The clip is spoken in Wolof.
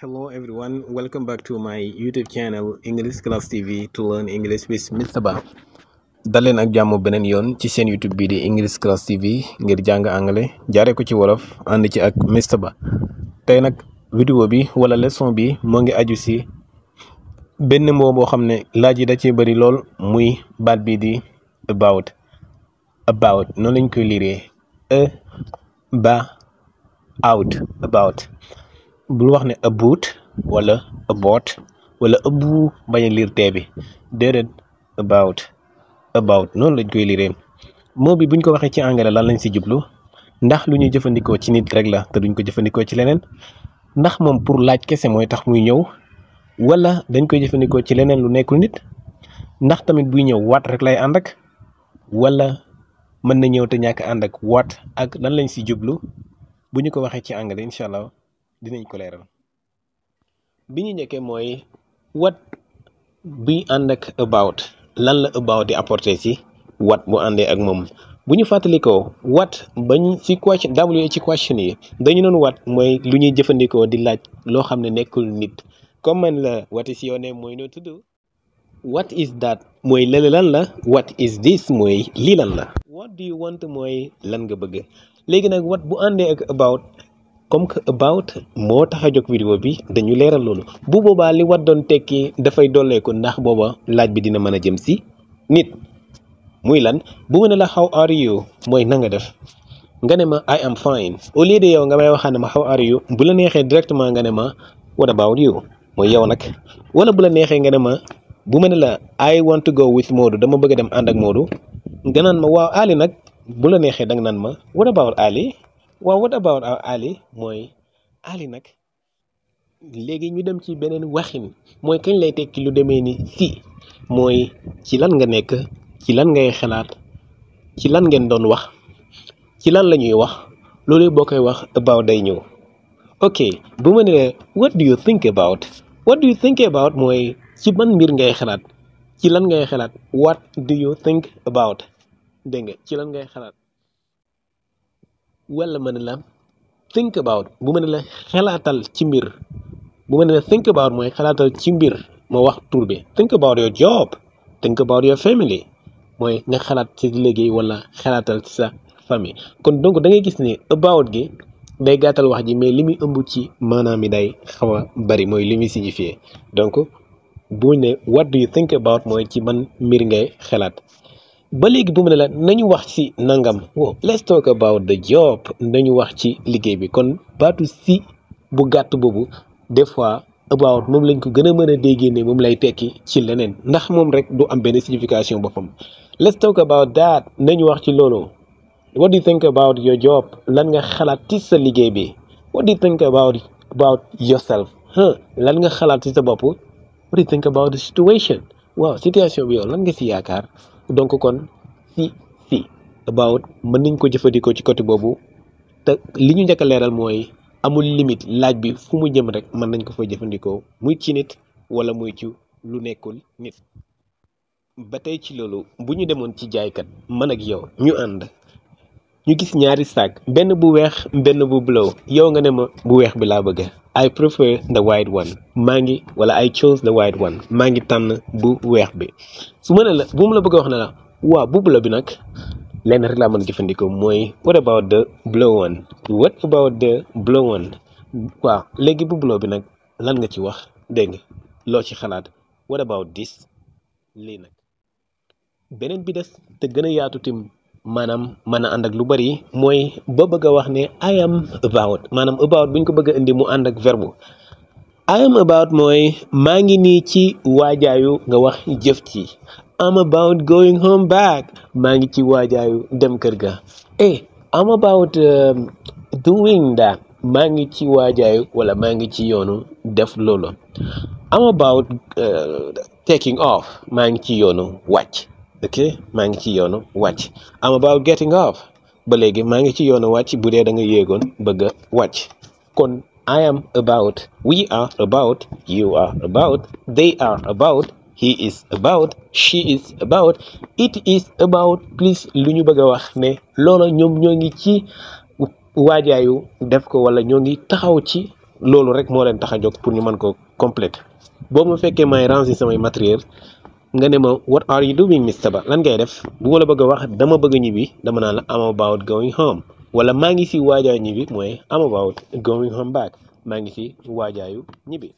Hello everyone, welcome back to my YouTube channel English Class TV to learn English with Mr. Ba. daleen ak jàmm beneen yoon ci seen YouTube bii di English Class TV ngir jàng anglais jaaree ko ci wolof ànd ci ak Mr. Ba tey nag vidéo bi wala leçon bi moo ngi aju si benn mot boo xam ne laaj yi da ci bari lool muy baat bi di about about noon lañ koy liiree e ba out about bul wax ne about wala about wala ëbbu bañ a liir tee bi déedéet about about noonu lañ koy liiree mot bi buñ ko waxee ci anglais lan lañ si jublu ndax lu ñuy jëfandikoo ci nit rek la te duñ ko jëfandikoo ci leneen ndax moom pour laaj kese mooy tax muy ñëw wala dañ koy jëfandikoo ci leneen lu nekkul nit ndax tamit buy ñëw waat rek lay ànd ak wala mën na ñëw te ñàkk ànd ak waat ak lan lañ si jublu bu ñu ko waxee ci anglais incha allah dinañ ko leeral bi ñu njëkkee mooy wat bi ànd ak about lan la about di apporter ci what bu àndee ak moom bu ñu fàttalikoo wat bañ ci question w ci question yi dañu doon wat mooy lu ñuy jëfandikoo di laaj loo xam ne nekkul nit comme man la what is your name mooy noo tudd what is that mooy lële lan la wat is this mooy lii lan la wat do you want mooy lan nga bëgg léegi nag what bu àndee ak about comme que about moo tax a jóg vidéo bi dañu leeral loolu bu boobaa li war doon tekki dafay dolleeku ndax booba laaj bi dina mën a jëm si nit muy lan bu ma ne la how are you mooy na nga def nga ne ma I am fine au lieu yow nga may waxaan ne ma how are you bu la neexee directement nga ne ma what about mooy yow nag wala bu la neexee nga ne ma bu ma ne la I want to go with Modou dama bëgg a dem ànd ak Modou nga ma waaw Ali nag bu la neexee danga naan ma what about Ali waaw what about uh, Ali mooy Ali nag léegi ñu dem ci beneen waxin mooy kañ lay tekki lu demee ni si mooy ci lan nga nekk ci lan ngay xalaat ci lan ngeen doon wax ci lan la ñuy wax loolu boo koy wax about day ñëw ok bu ma nee what do you think about what do you think about mooy ci ban mbir ngay xalaat ci lan ngay xalaat what do you think about dégg nga ci lan ngay xalaat wala ma ne la think about bu ma ne la xalaatal ci mbir bu ma ne la think about mooy xalaatal ci mbir moo wax tur bi think about your job think about your family mooy nga xalaat ci léegi walla xalaatal ci sa famille kon donc da ngay gis ni about gi day gàttal wax ji mais li muy ëmb ci maanaam mi day xawa a bari mooy li muy signifié donc bu ne what do think about mooy ci man mbir ngay xalaat ba léegi bu mu ne la nañu wax ci nangam wow let's talk about the job nañu wax ci liggéey bi kon baatu si bu gàtt boobu des fois about moom lañ ko gën a mën a déggee ne moom lay tekki ci leneen ndax moom rek du am benn signification boppam let's talk about that nañu wax ci loolu what do you think about your job lan nga xalaat ci sa liggéey bi what do you think about about yourself lan nga xalaat ci sa bopp what do you think about the situation waaw situation bi yow lan nga ci yaakaar donc kon si si about mën nañ ko jëfandikoo ci côté boobu te li ñu njëkk mooy amul limit laaj bi fu mu jëm rek mën nañ ko fa jëfandikoo muy ci nit wala muy ci lu nekkul nit ba tey ci loolu bu ñu demoon ci jaaykat mën ak yow ñu ànd ñu gis ñaari saak benn bu weex benn bu bleu yow nga ne ma bu weex bi laa bëgg I prefer the white one maa ngi wala I chose the white one maa ngi tànn bu weex bi su ma la bu mu la bëgg wax ne la waaw bu bula bi nag lenn rek laa mën jëfandikoo mooy what about the blue one what about the blue one waaw léegi bu blue bi nag lan nga ci wax dégg nga loo ci xalaat what about this lii nag beneen bi des te gën a yaatu tim maanaam mën a ànd ak lu bari mooy ba bëgg a wax ne I am about maanaam about bu ñu ko bëgg indi mu ànd ak verbe I am about mooy maa ngi nii ci waajaayu nga wax jëf ci am about going home back maa ngi ci waajaayu dem kër ga eh am about um, doing that maa ngi ci waajaayu wala maa ngi ci yoonu def loolu am about uh, taking off maa ngi ci yoonu wàcc ok maa ngi ci yoonu wàcc am about getting off ba léegi maa ngi ci yoonu wàcc bu dee da nga yéegoon bëgg a wàcc kon I am about we are about you are about they are about he is about she is about it is about please lu ñu bëgg a wax ne loola ñoom ñoo ngi ci waajaayu def ko wala ñoo ngi taxaw ci loolu rek moo leen tax a jóg pour ñu mën ko complète boo ma fekkee may ranger samay matériel nga ne ma what are you doing Mr. Ba lan ngay def bu ma la bëgg a wax dama bëgg a ñibbi dama naan la am about going home wala maa ngi si waajaayu ñibbi mooy am about going home back maa ngi si waajaayu ñibbi.